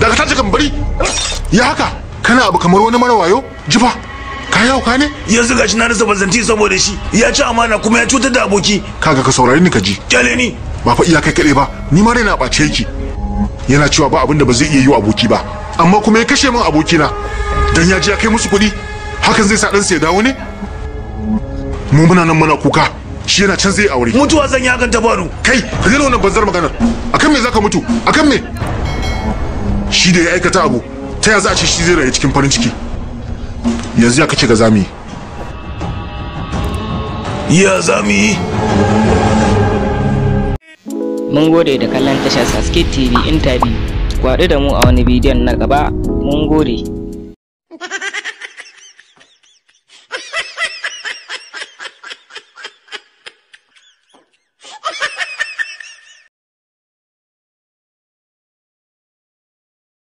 daga ta cikin bari ya haka kana abu kamar wani marawayo wayo jifa ka yawo ka ne yanzu gashi na rasa bazanti saboda shi ya ci amana kuma ya cutar da aboki kaga ka saurari ni ka ji kyale ni ba fa iya kai kaɗai ba ni ma raina ɓace yake yana cewa ba abin da ba zai iya yi aboki ba amma kuma ya kashe min abokina dan ya ji ya kai musu kuɗi hakan zai sa ɗansa ya dawo ne mu muna nan muna kuka shi yana can zai aure mutuwa zan yi hakan ta baro kai ka daina wannan banzar maganar akan me zaka mutu akan me shi da ya aikata abu ta yanzu a ce shi zai rayu cikin farin ciki yanzu ya kace ga zami ya zami mun gode da kallon tashar saske tv interview kwaɗu da mu a wani bidiyon na gaba mun gode